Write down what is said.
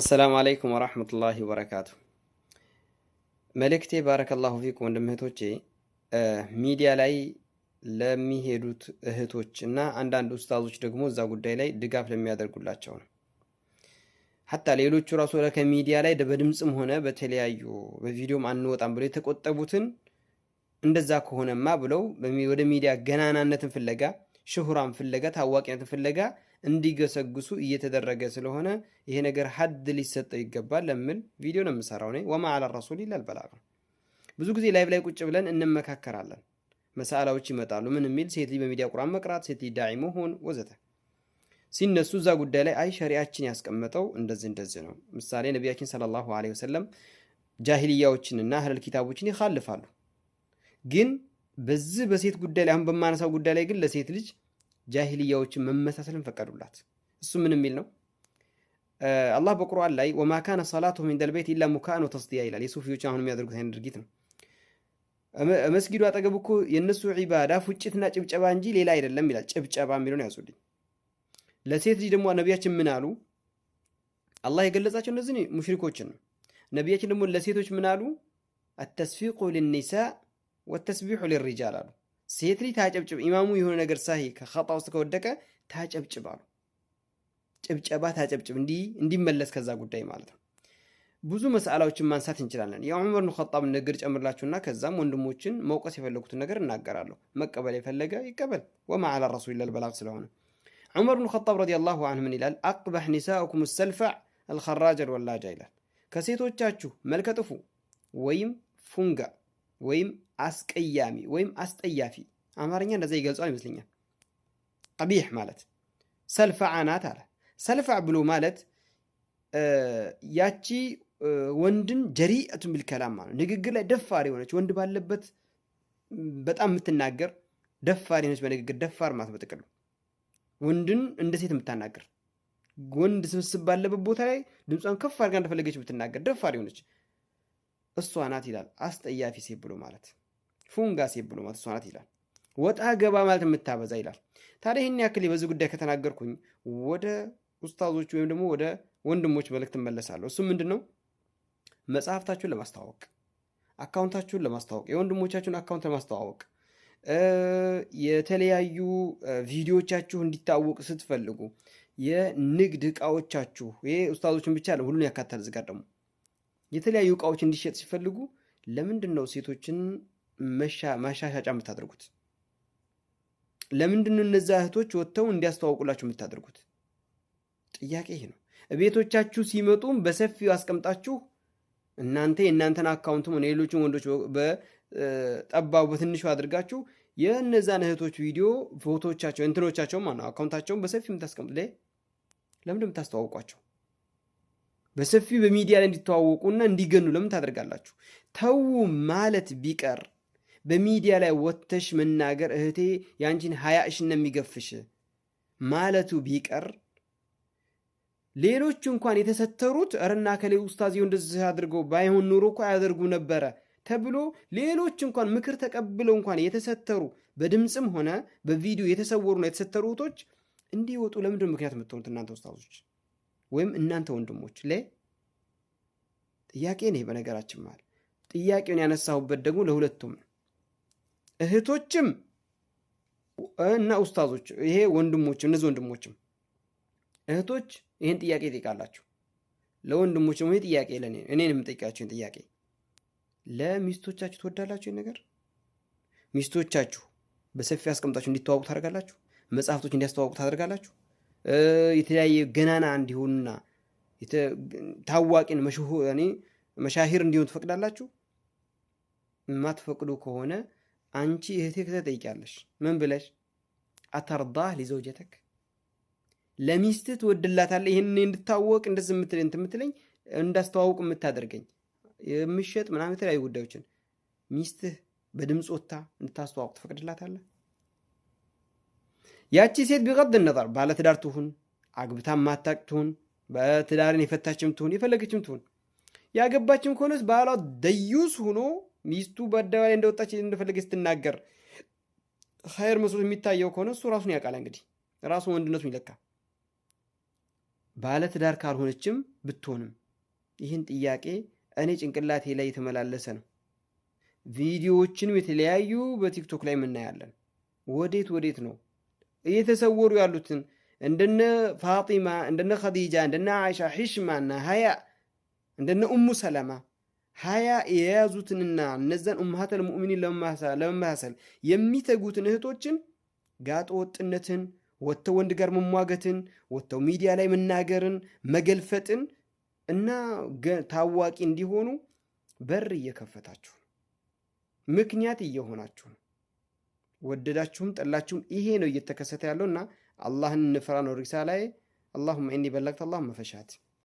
አሰላሙ አለይኩም ወራህመቱላሂ ወበረካቱ። መልእክቴ ባረከላሁ ፊኩም ወንድም እህቶቼ፣ ሚዲያ ላይ ለሚሄዱት እህቶች እና አንዳንድ ኡስታዞች ደግሞ እዛ ጉዳይ ላይ ድጋፍ ለሚያደርጉላቸው ነው። ሀታ ሌሎቹ ራሱ ከሚዲያ ላይ በድምፅም ሆነ በተለያዩ በቪዲዮም አንወጣም ብለው የተቆጠቡትን እንደዛ ከሆነማ ብለው ወደ ሚዲያ ገናናነትን ፍለጋ ሽሁራን ፍለጋ ታዋቂነት ፍለጋ እንዲገሰግሱ እየተደረገ ስለሆነ ይሄ ነገር ሀድ ሊሰጠው ይገባል። ለምን ቪዲዮ ነው የምሰራው እኔ ወማ አላ ረሱል ይላል በላቅ ነው። ብዙ ጊዜ ላይቭ ላይ ቁጭ ብለን እንመካከራለን። መሳላዎች ይመጣሉ። ምን የሚል ሴት ልጅ በሚዲያ ቁርአን መቅራት፣ ሴት ልጅ ዳዒ መሆን ወዘተ ሲነሱ እዛ ጉዳይ ላይ አይ ሸሪያችን ያስቀመጠው እንደዚህ እንደዚህ ነው። ምሳሌ ነቢያችን ሰለላሁ ዐለይሂ ወሰለም ጃሂልያዎችንና አህለል ኪታቦችን ይካልፋሉ ግን በዚህ በሴት ጉዳይ ላይ አሁን በማነሳው ጉዳይ ላይ ግን ለሴት ልጅ ጃሂልያዎችን መመሳሰልን ፈቀዱላት። እሱ ምን የሚል ነው? አላህ በቁርአን ላይ ወማ ካነ ሰላቱሁም ኢንደል ቤት ኢላ ሙካእን ወተስዲያ ይላል። የሱፊዎች አሁን የሚያደርጉት አይነት ድርጊት ነው። መስጊዱ አጠገብ እኮ የእነሱ ዒባዳ ፉጭትና ጭብጨባ እንጂ ሌላ አይደለም ይላል። ጭብጨባ የሚለውን ያዙልኝ። ለሴት ልጅ ደግሞ ነቢያችን ምን አሉ? አላህ የገለጻቸው እነዚህ ሙሽሪኮችን ነው። ነቢያችን ደግሞ ለሴቶች ምን አሉ? አተስፊቁ ልኒሳ ወተስቢሑ ሊሪጃል አሉ። ሴት ልጅ ታጨብጭብ። ኢማሙ የሆነ ነገር ሳሂ ከኸጣ ውስጥ ከወደቀ ታጨብጭብ አሉ። ጭብጨባ ታጨብጭብ፣ እንዲመለስ ከዛ ጉዳይ ማለት ነው። ብዙ መስአላዎችን ማንሳት እንችላለን። የዑመር ብን ኸጣብ ንግግር ጨምርላችሁና ከዛም ወንድሞችን መውቀስ የፈለጉትን ነገር እናገራለሁ። መቀበል የፈለገ ይቀበል። ወማ ዐላ ረሱል ኢለል በላግ ስለሆነ ዑመር ብን ኸጣብ ረዲየላሁ አንሁ ምን ይላል? አቅበሕ ኒሳኡኩም ሰልፋዕ አልኸራጀ ልወላጃ ይላል። ከሴቶቻችሁ መልከጥፉ ወይም ፉንጋ ወይም አስቀያሚ ወይም አስጠያፊ አማርኛ እንደዛ ይገልጸዋል ይመስለኛል። ቀቢሕ ማለት ሰልፋ ናት አለ። ሰልፋ ብሎ ማለት ያቺ ወንድን የሚል ከላም ማለት ንግግር ላይ ደፋር የሆነች ወንድ ባለበት በጣም የምትናገር ደፋር የሆነች በንግግር ደፋር ማለት በጥቅሉ ወንድን እንደ ሴት የምታናገር ወንድ ስብስብ ባለበት ቦታ ላይ ድምጿን ከፍ አድርጋ እንደፈለገች የምትናገር ደፋር የሆነች እሷ ናት ይላል። አስጠያፊ ሴት ብሎ ማለት ፉንጋ ሴት ብሎ ማለት እሷ ናት ይላል። ወጣ ገባ ማለት የምታበዛ ይላል። ታዲያ ይህን ያክል በዚህ ጉዳይ ከተናገርኩኝ ወደ ኡስታዞች ወይም ደግሞ ወደ ወንድሞች መልእክት እመለሳለሁ። እሱ ምንድን ነው መጽሐፍታችሁን ለማስተዋወቅ አካውንታችሁን ለማስተዋወቅ የወንድሞቻችሁን አካውንት ለማስተዋወቅ የተለያዩ ቪዲዮዎቻችሁ እንዲታወቅ ስትፈልጉ የንግድ እቃዎቻችሁ ይሄ ኡስታዞችን ብቻ ሁሉን ያካተል ዝጋር ደግሞ የተለያዩ እቃዎች እንዲሸጥ ሲፈልጉ ለምንድን ነው ሴቶችን ማሻሻጫ የምታደርጉት? ለምንድን ነው እነዛ እህቶች ወጥተው እንዲያስተዋውቁላችሁ የምታደርጉት? ጥያቄ ይሄ ነው። ቤቶቻችሁ ሲመጡም በሰፊው አስቀምጣችሁ እናንተ የእናንተን አካውንትም ሆነ ሌሎችን ወንዶች በጠባቡ በትንሹ አድርጋችሁ የእነዛን እህቶች ቪዲዮ ፎቶቻቸው እንትኖቻቸውም አካውንታቸውን በሰፊ የምታስቀምጡ ለምንድን የምታስተዋውቋቸው? በሰፊው በሚዲያ ላይ እንዲተዋወቁና እንዲገኑ ለምን ታደርጋላችሁ? ተዉ ማለት ቢቀር በሚዲያ ላይ ወጥተሽ መናገር እህቴ የአንቺን ሀያ እሽን ማለቱ ቢቀር ሌሎች እንኳን የተሰተሩት እርና ከሌ ውስታዚ እንደዚህ አድርገው ባይሆን ኑሮ እኮ አያደርጉ ነበረ ተብሎ ሌሎች እንኳን ምክር ተቀብለው እንኳን የተሰተሩ በድምፅም ሆነ በቪዲዮ የተሰወሩና የተሰተሩ እህቶች እንዲወጡ ለምንድን ምክንያት የምትሆኑት እናንተ ውስታዞች? ወይም እናንተ ወንድሞች ለ ጥያቄ ነው። በነገራችን ማለት ጥያቄውን ያነሳሁበት ደግሞ ለሁለቱም እህቶችም እና ኡስታዞች ይሄ ወንድሞችም እነዚህ ወንድሞችም እህቶች ይህን ጥያቄ ይጠይቃላችሁ። ለወንድሞችም ይህ ጥያቄ ለእኔ እኔን የምጠይቃችሁን ጥያቄ ለሚስቶቻችሁ ትወዳላችሁ? ይህን ነገር ሚስቶቻችሁ በሰፊ አስቀምጣችሁ እንዲተዋወቁ ታደርጋላችሁ? መጽሐፍቶች እንዲያስተዋውቁ ታደርጋላችሁ? የተለያየ ገናና እንዲሆንና ታዋቂን መሻሂር እንዲሆን ትፈቅዳላችሁ? የማትፈቅዱ ከሆነ አንቺ እህቴ ከተጠይቂያለሽ። ምን ብለሽ አተርዳ ሊዘውጀተክ ለሚስትህ ትወድላታለህ። ይህን እንድታወቅ እንደዚህ የምትለኝ እንዳስተዋውቅ የምታደርገኝ የምሸጥ ምናምን የተለያዩ ጉዳዮችን ሚስትህ በድምፅ ወታ እንድታስተዋውቅ ትፈቅድላታለህ? ያቺ ሴት ቢቀድ ነጠር ባለትዳር ትሁን አግብታ ማታቅ ትሁን በትዳርን የፈታችም ትሁን የፈለገችም ትሁን ያገባችም ከሆነስ ባሏ ደዩስ ሆኖ ሚስቱ በአደባባይ እንደወጣች እንደፈለገ ስትናገር ኸይር መስሎት የሚታየው ከሆነ እሱ ራሱን ያውቃል። እንግዲህ ራሱ ወንድነቱን ይለካ። ባለትዳር ካልሆነችም ብትሆንም ይህን ጥያቄ እኔ ጭንቅላቴ ላይ የተመላለሰ ነው። ቪዲዮዎችንም የተለያዩ በቲክቶክ ላይ የምናያለን። ወዴት ወዴት ነው እየተሰወሩ ያሉትን እንደነ ፋጢማ፣ እንደነ ኸዲጃ፣ እንደነ አይሻ ሒሽማና ሀያ እንደነ ኡሙ ሰለማ ሀያ የያዙትንና እነዛን ኡማሃተል ልሙእሚኒን ለመመሳሰል የሚተጉትን እህቶችን ጋጠ ወጥነትን ወጥተው ወንድ ጋር መሟገትን ወጥተው ሚዲያ ላይ መናገርን መገልፈጥን እና ታዋቂ እንዲሆኑ በር እየከፈታችሁ ምክንያት እየሆናችሁ ነው። ወደዳችሁም ጠላችሁም ይሄ ነው እየተከሰተ ያለው እና አላህን እንፍራ ነው ላይ አላሁመ ኢኒ በለግት አላሁመ ፈሻት